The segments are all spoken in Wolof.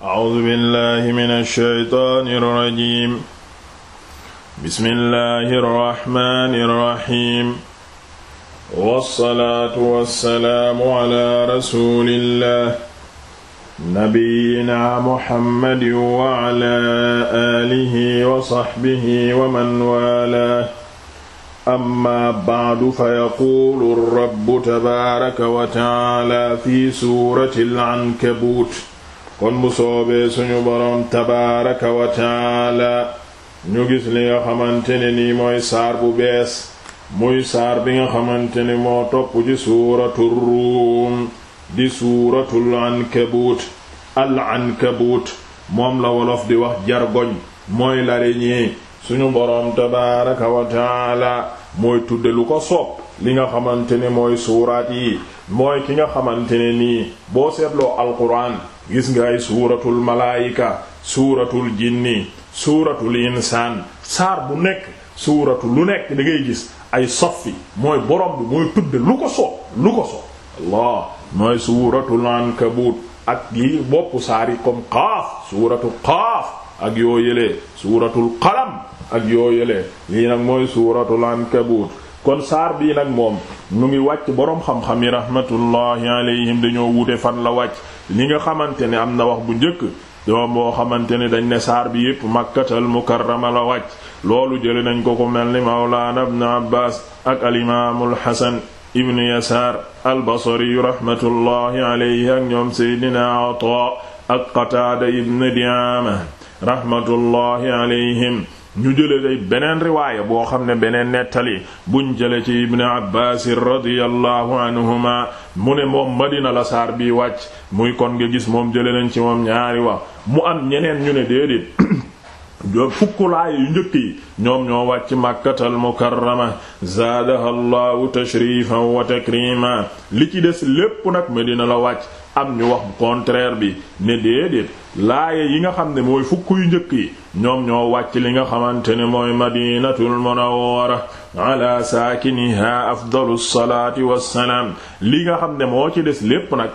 A'uuzu billaahi mina shaytaani rajiim. Bismillaahi rahmaani rahiim. Wassalaatu wassalaamu alaa rasuulillaah. Nabiyyinaa Muhammadin wa alaa aalihi wa sahbihi wa man waalaah. Ammaa ba'du fayaquulu rabbu tabaaraka wa ta'aalaa fi suuratil ankabuut. kon bu soobee suñu boroom tabaaraka wa taala ñu gis li nga xamante ne nii mooy saar bu bees muy saar bi nga xamante ne moo topp ci suuratu ruum di suuratul ankabuut al ankabuut moom la wolof di wax jargoñ mooy l'araignée suñu boroom tabaaraka wa taala mooy tudde lu ko soob li nga xamante ne mooy suuraat yi mooy ki nga xamante ne nii boo seetloo alquran gis nga ay suuratul malaayika suuratul jinni suuratul insaan saar bu nekk suuratu lu nekk da ngay gis ay soffi mooy borom bi mooy tudd lu ko soob lu ko soob allah mooy suuratul ankabuut ak yi boppu saar yi comme qaaf suuratu ak yoo yëlee suuratul qalam ak yoo yëlee lii nag mooy suuratul ankabuut kon saar bii nag moom mu ngi wàcc boroom xam-xam yi rahmatullahi alayhim dañoo wute fan la wàcc li nga xamante ne am na wax bu njëkk doom boo xamante ne dañ ne saar bi yépp makkatal mukarrama la wàcc loolu jële nañ ko ko mel ni mawlaana ibn abbas ak alimaamul hasan ibnu yasaar albasari rahmatullahi alayhi ak ñoom seydina ata ak qataada ibn diama rahmatullahi alayhim ñu jële day beneen riwaaya boo xam ne beneen nettali buñ jële ci ibni abbas radiyallahu anhuma mu ne moom madina la saar bi wàcc muy kon nga gis moom jële nañ ci moom ñaari wax mu am ñeneen ñu ne déedéet jo fukkulaaye yu njëkk yi ñoom ñoo wàcc màkkatal mukarrama zaadaha tashrifan wa takrima li ci des lépp nag medina la wàcc am ñu wax contraire bi ne déedéet laaya yi nga xam ne mooy fukk yu njëkk yi ñoom ñoo wàcc li nga xamante ne mooy madinatul munawwara ala saakiniha afdalu salaati wassalaam li nga xam ne moo ci des lépp nag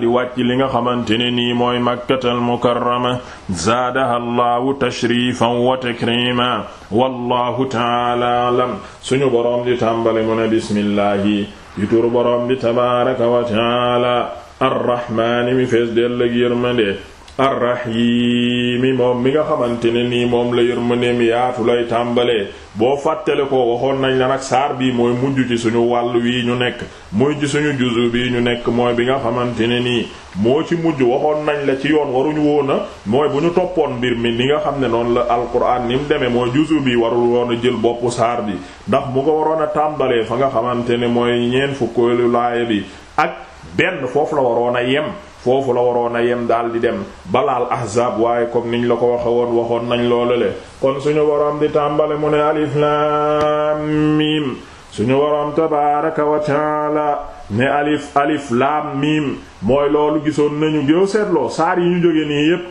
di wàcc li nga xamante ne nii mooy makkatal mukarrama zaadaha allahu tashrifan wa takrima wallahu taala alam suñu boroom di tàmbali mu ne bismillahi di turu di tabaraka wa taala arrahmaani mi fees dell ak yërmande arrahimi moom mi nga xamante ne nii moom la yërmandeem yaatu lay tàmbalee boo fàttale ko waxoon nañ la nag saar bii mooy mujj ci suñu wàll wi ñu nekk muy ci suñu juzu bi ñu nekk mooy bi nga xamante ne nii moo ci mujj waxoon nañ la ci yoon waruñu woon a mooy bu ñu toppoon mbir mi ni nga xam ne noonu la alquran ni mu demee mooy juzu bi warul woon jël boppu saar bi ndax mu ko waroon a tàmbalee fa nga xamante ne mooy ñeen fukkeelu laaya bi ak benn foofu la waroon a yem foofu la waroon a yem daal di dem balaal ahzaab waaye comme niñ la ko waxe woon waxoon nañ loolu le kon suñu boroom di tàmbale mu ne alif laam miim suñu boroom tabaaraka wa taala ne alif alif laam miim mooy loolu gisoon nañu yow seetloo saar yi ñu jóge nii yépp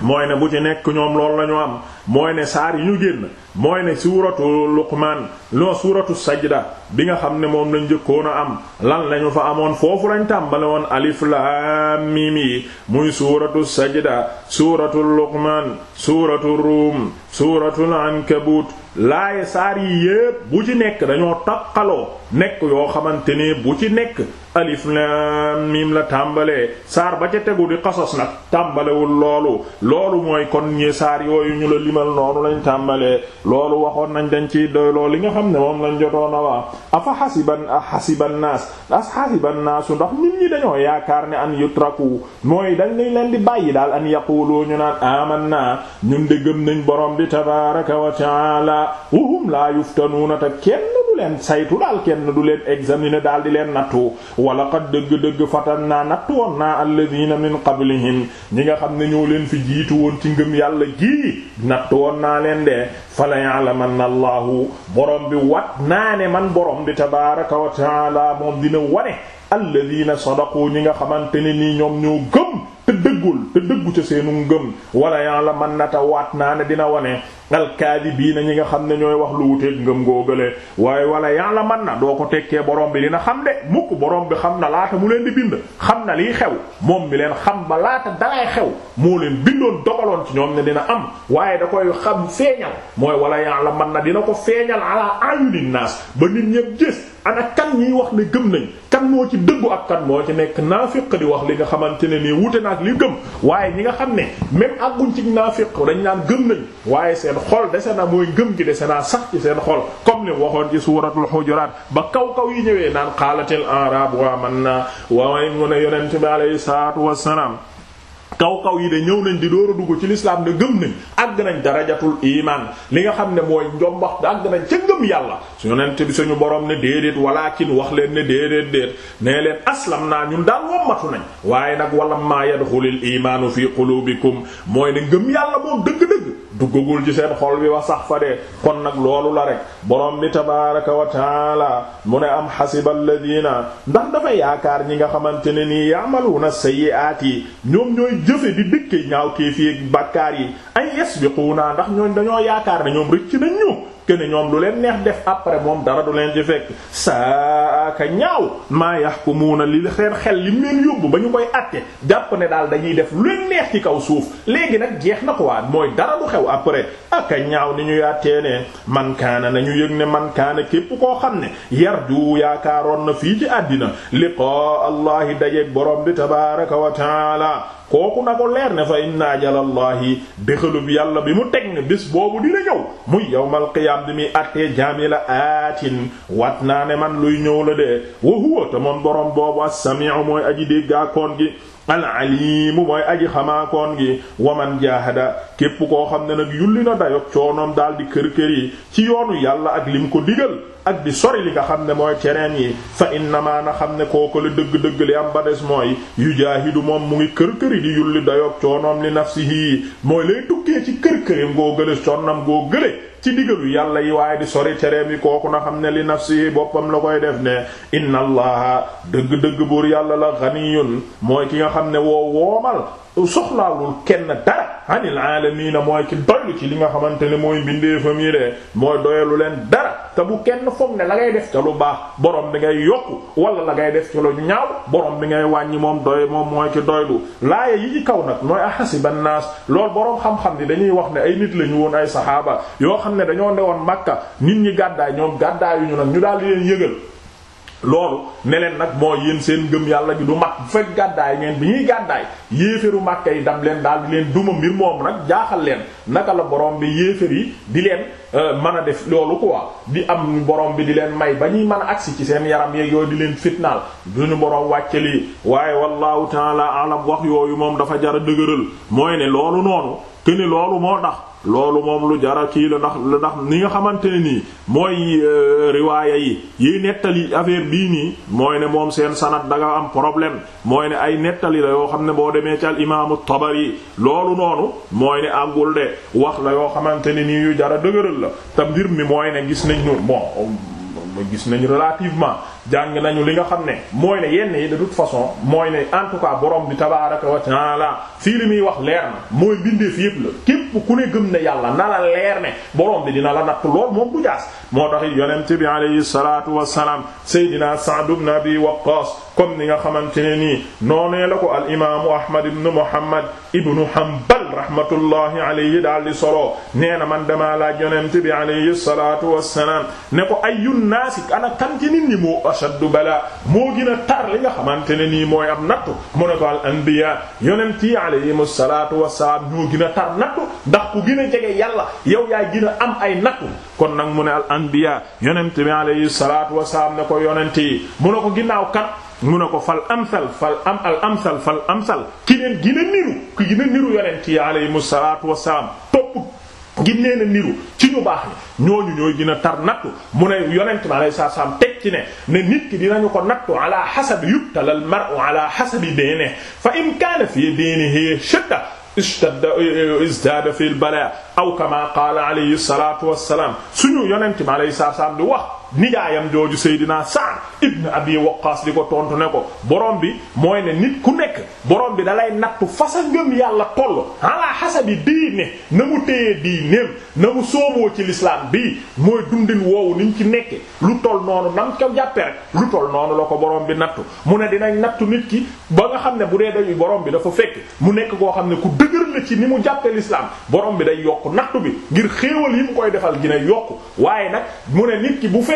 mooy ne bu ci nekk ñoom loolu lañu am mooy ne saar yi ñu génn mooy ne suuratu luqmaan loo suuratu sajda bi nga xam ne moom la njëkkoon a am lan lañu fa amoon foofu lañ tàmbale woon alif laam miim yi muy suuratu sajda suuratu luqmaan suuratu ruum suuratul ankabut laaye saar yi yépp bu ci nekk dañoo taqaloo nekk yoo xamante ni bu ci nekk alif laam la tàmbalee saar ba ca tegu di qasas nag tàmbalewul loolu loolu mooy kon ñi saar yooyu ñu la lim mel noonu lañ tàmbalee loolu waxoon nañ dañ ci doyloo li nga xam ne moom lañ jotoon a wax a xasiban a xasiban naas as xasiban naasu ndax nit ñi dañoo yaakaar ne an yutraku mooy dañ lañ di bàyyi daal an yaqulu ñu naan amanna ñun de gëm nañ borom bi tabaraka wa taala wahum la yuftanuuna ta kenn du leen saytu daal kenn du leen examiner daal di leen nattu wala qad dëgg-dëgg fatan naa nattu woon naa min qablihim ñi nga xam ne ñoo leen fi jiitu woon ci ngëm yàlla gii nattu woon naa leen de fala ya'lamanna allahu borom bi wat naa man borom bi tabaraka wa taala moom dina wane alladina sadaqu ñi nga xamante ne nii ñoom ñoo gëm dëggul te dëggu ca seenu ngëm wala yaa la man nata waat naa ne dina wane alkaadibiina ñi nga xam ne ñooy wax lu wuteeg ngëm góogale waaye wala yaa la man na doo ko tekkee borom bi dina xam de mukk borom bi xam na laata mu leen di bind xam na liy xew moom bi leen xam ba laata dalay xew moo leen bindoon dogaloon ci ñoom ne dina am waaye da koy xam feeñal mooy wala yaa la man na dina ko feeñal ala ayunin naas ba nit ñépp gis ana kan ñuy wax ne gëm nañ kan moo ci dëggu ak kan moo ci nekk naafiq di wax li nga xamante ne nii wute naag li gëm waaye ñi nga xam ne même àgguñ ci naafiq dañ naan gëm nañ waaye seen xol dese na mooy gëm gi dese naa sax ci seen xol comme li waxoon ci suuratul xujuraat ba kaw kaw yi ñëwee naan qaalatil araab wa amanna waaye mu ne yonent bi alayhi salaatu wassalaam kaw-kaw yi de ñëw nañ di door a dugg ci lislaam ne gëm nañ àgg nañ darajatul iman li nga xam ne mooy njombax àgg nañ ca ngëm yàlla su yonent bi suñu borom ne déedéet walaakin wax leen ne déedéet déet nee leen aslam naa ñun daal wommatu nañ waaye nag wala maa yadxulil imaanu fi qulubikum mooy ne ngëm yàlla moom dëgg duggagul ci seen xol bi wax sax fa de kon nag loolu la rek borom bi tabaaraka wa taala mu ne am xasiba alladina ndax dafa yaakaar ñi nga xamante ne nii ya'maluna sayyi'ati ñoom ñooy jëfe di dikke ñaaw kii fii bàkkaar yi ay yasbiquna ndax ñooñ dañoo yaakaar ne ñoom rëcc nañ ñu ne ñoom lu leen neex def après moom dara du leen ci fekk saa ka ñaaw maa yahkumuna li seen xel li mu leen yóbbu ba ñu koy àtte jàpp ne daal dañuy def lu leen neex ci kaw suuf léegi nag jeex na quoi mooy dara du xew après aka ñaaw ni ñu yàttee ne man kaana nañu yëg ne man kaana képp koo xam ne yarju yaakaaroon na fii ci àddina liqaa allahi dajeek borom bi tabaaraka wa taala kooku na ko leer ne fa inna ajalallahi déxalub yàlla bi mu teg ne bés boobu dina ñëw muy yawmal qiyaam bi muy attee jaami la aatin wat naa ne man luy ñëw la de wa huwa te moom borom boobu as-sami'u mooy aji dégg akoon gi alalimu mooy aji xamaakoon gi waman jaahada képp koo xam ne nag yulli na dayog coonoom daal di kër-kër yi ci yoonu yàlla ak lim ko digal ak di sori li nga xam ne mooy tereen yi fa innama na xam ne kooku la dëgg-dëgg li am ba des mooy yu jaahidu moom mu ngi kër-këri di yulli dayog coonoom li nafsihi mooy lay tukkee ci kër-kërim goo gële connam goo gële ci digalu yàlla yi waaye di sori tereem yi kooku na xam ne li nafsi boppam la koy def ne inna allaha dëgg-dëgg buur yàlla la ganiyun mooy ki nga xam ne woo woomal soxlaawul kenn dara anil aalamiina mooy ki doylu ci li nga xamante ne mooy mbindeefam yi de mooy doyalu leen dara te bu kenn foog ne la ngay def ca lu baax borom bi ngay yokku wala la ngay def ca lu ñaaw borom bi ngay wàññi moom doy moom mooy ki doylu laaya yi kaw nag mooy ahasiba naas loolu borom xam dañuy wax ne ay nit lañu woon ay saxaaba xam ne dañoo newoon Makka nit ñi gàddaay ñoom gàddaayuñu nag ñu daal di leen yëgal loolu ne nag moo yéen seen gëm yàlla gi du mat bu fekk gàddaay ngeen bi ñuy gàddaay yéeféru Makka yi dab leen daal di leen duma mbir moom nag jaaxal leen naka la borom bi yéefar yi di leen euh, man a def loolu quoi di am borom bi di leen may ba ñuy man a agsi ci seen yaram yeeg yooyu di leen fitnaal duñu borom wàcce lii waaye wallahu taala alam wax yooyu moom dafa jara dëgëral mooy ne loolu noonu que ne loolu moo tax loolu moom lu jara kii la ndax la ndax ni nga xamante ne nii mooy euh, riwaaya yi yiy nettali affaire bii nii mooy ne moom seen sanad da am problème mooy ne ay nettali la yoo xam ne boo demee ci al imaamu Tabari loolu noonu wax la yoo xamante ne nii yu jara dëgëral la te mbir mi mooy ne gis nañ ñu bon gis nañ relativement jàng nañu li nga xam ne mooy ne yenn yi de façon mooy ne en tout cas borom bi tabaaraka wa taala fii li muy wax leer na mooy bindeef yépp la képp ku ne gëm ne yàlla na la leer ne borom bi dina la natt lool moom bu jaas moo tax yonent bi alayhi salaatu wa salaam Seydina Sa'd ibn Abi Waqqas kon ni nga xamante ne nii noonee la ko al imaamu ahmad ibn muhammad ibnu hanbal rahmatullahi alayhi daal di solo nee na man damaa laaj yonent bi alayhi salatu wassalaam ne ko ayyun naasi ana kan ci nit moo ashaddu bala moo gën a tar li nga xamante ne nii mooy am nattu mu ne ko al anbiya yonent yi alayhimu salatu wassalaam ñoo gën a tar nattu ndax ku gën a jege yàlla yow yaa gën am ay nattu kon nag mu ne al anbiya yonent bi alayhi salatu ne ko yonent yi mu ginnaaw kan mu ne ko fal amsal fal am al amsal fal amsal ki leen gën a niru ki gën a niru yonent yi aleyhimu salaatu wassalaam topp gin leen a niru ci ñu baax ni ñooñu ñooy gën a tar nattu mu ne yonent bi aleyhi salaatu wassalaam teg ci ne ne nit ki dinañu ko nattu ala hasabi yubtala al mar'u ala hasabi diinihi fa in kaana fii diinihi shidda istadda izdaada fil balaa aw kama qaala aleyhi salaatu wassalaam suñu yonent bi aleyhi salaatu wassalaam di wax nijaayam jooju Seydina Sa'd ibn Abi Waqqas di ko tontu ne ko borom bi mooy ne nit ku nekk borom bi dalay nattu fasa ngëm yàlla toll ala hasabi diine na mu téyee diineem na mu sooboo ci l'islam bii mooy dundin woowu niñ ci nekke lu toll noonu nam ko jàppe rek lu toll noonu la ko borom bi nattu mu ne dinañ nattu nit ki ba nga xam ne bu dee dañuy borom bi dafa fekk mu nekk koo xam ne ku dëgër la ci ni mu jàppe l'islam borom bi day yokk nattu bi ngir xéewal yi koy defal gina yokk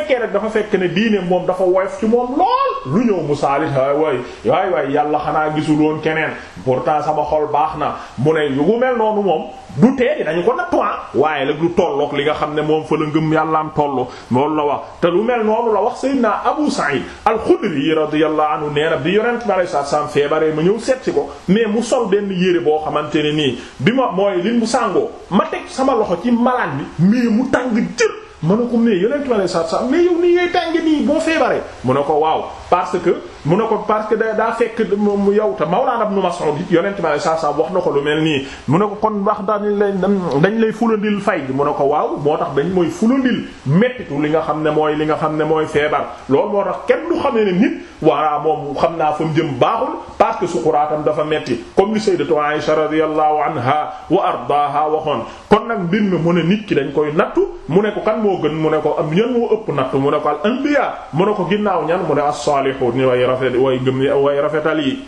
fekkee rek dafa fekk ne bii diine moom dafa woyof ci moom lool lu ñëw mu saalit waay waay waay waay yàlla xanaa gisul woon keneen pourtant sama xol baax na mu ne yu mel noonu moom du tee dañu ko nattu ah. waaye nag du tolloog li nga xam ne moom fa la ngëm yàllaam tollu loolu na wax te lu mel noonu la wax sa sayyidina Abu Sa'id al-Khudri radiyallahu anhu nee na bi yonent bi sa salaam feebaree ma ñëw seet si ko mais mu sol benn yére boo xamante ne nii bi ma mooy li mu sàngoo mu ne ko mais yeneen tubaab yi sax sax mais yow nii ngay tànge nii boo feebaree mu ne ko waaw parce que mu ne ko parce que daa fekk mu yow te Mawlaana nu Mas'ud it yeneen tubaab a sax sax wax na ko lu mel nii mu ne ko kon wax dañ lay dañ lay fulandil fay mu ne ko waaw moo tax dañ mooy fulandil méttitu li nga xam ne mooy li nga xam ne mooy feebar loolu moo tax kenn du xamee ne nit waaw moom xam naa fa mu jëm baaxul. parce que suquraatam dafa metti comme li sayyidatu Aisha radiyallahu anha wa ardaaha waxoon kon nag mbir mi mu ne nit ki dañ koy nattu mu ne ko kan moo gën mu ne ko am ñan moo ëpp nattu mu ne ko al anbiya mu ne ko ginnaaw ñan mu ne as-salihun way rafet way gëm way rafetal yi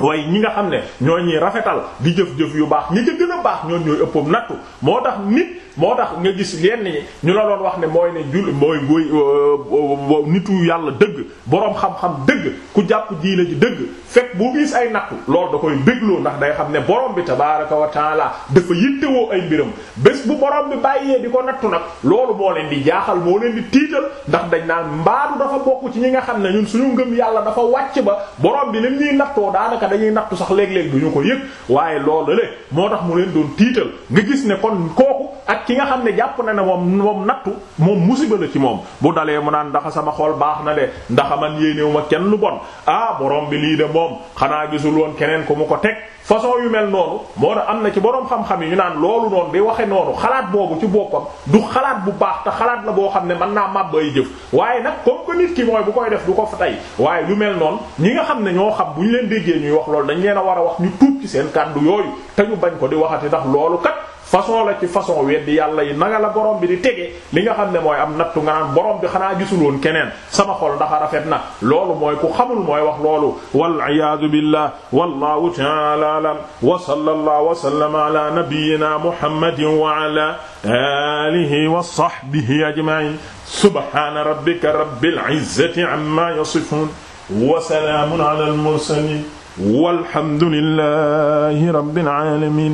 way ñi nga xam ne ñoo ñuy rafetal di jëf-jëf yu baax ñi ca gën a baax ñoon ñooy ëppam nattu moo tax nit moo tax nga gis yenn ñi ñu la doon wax ne mooy ne jul mooy mooy euh, euh, euh, nitu yàlla dëgg boroom xam-xam dëgg ku jàpp diine ji dëgg fekk bu gis ay nattu loolu da koy bégloo ndax day xam ne boroom bi tabaraka wa taala dafa yittewoo ay mbiram bés bu borom bi bàyyee di ko nattu nag loolu moo leen di jaaxal moo leen di tiital ndax dañ naan mbaadu dafa bokk ci nga xam ne ñun suñu ngëm yàlla dafa wàcc ba borom bi lim ñuy nattoo daanaka dañuy nattu sax léeg-léeg duñu ko yëg waaye loolu le moo tax mu leen doon tiital nga gis ne kon kooku ak ki nga xam ne jàpp na ne moom moom nattu moom musiba la ci moom bu dalee mu naan ndax sama xol baax na de ndax man yéenewu ma kenn lu bon ah borom bi lii de moom xanaa gisul woon keneen ko mu ko teg façon yu mel noonu moo tax am na ci borom xam-xam yi ñu naan loolu noonu di waxe noonu xalaat boobu ci boppam du xalaat bu baax te xalaat la boo xam ne mën naa màbb ay jëf waaye nag comme que nit ki mooy bu koy def du ko fa tey waaye yu mel noon ñi nga xam ne ñoo xam bu ñu leen déggee wax loolu dañ leen a war a wax ñu tuub ci seen yooyu te ñu bañ ko di waxati tax loolu kat façon la ci façon weddi yàlla yi nanga la borom bi di tege li nga xam ne mooy am nattu nga naan borom bi xanaa gisuloon keneen sama xol ndax rafet na loolu mooy ku xamul mooy wax loolu wal iyaadu billah wallahu ta'ala alam wa sallallahu wa sallama ala nabiyyina muhammadin wa ala alihi wa sahbihi ajma'in subhana rabbika rabbil izzati amma yasifun wa salamun ala al mursalin walhamdulillahi rabbil alamin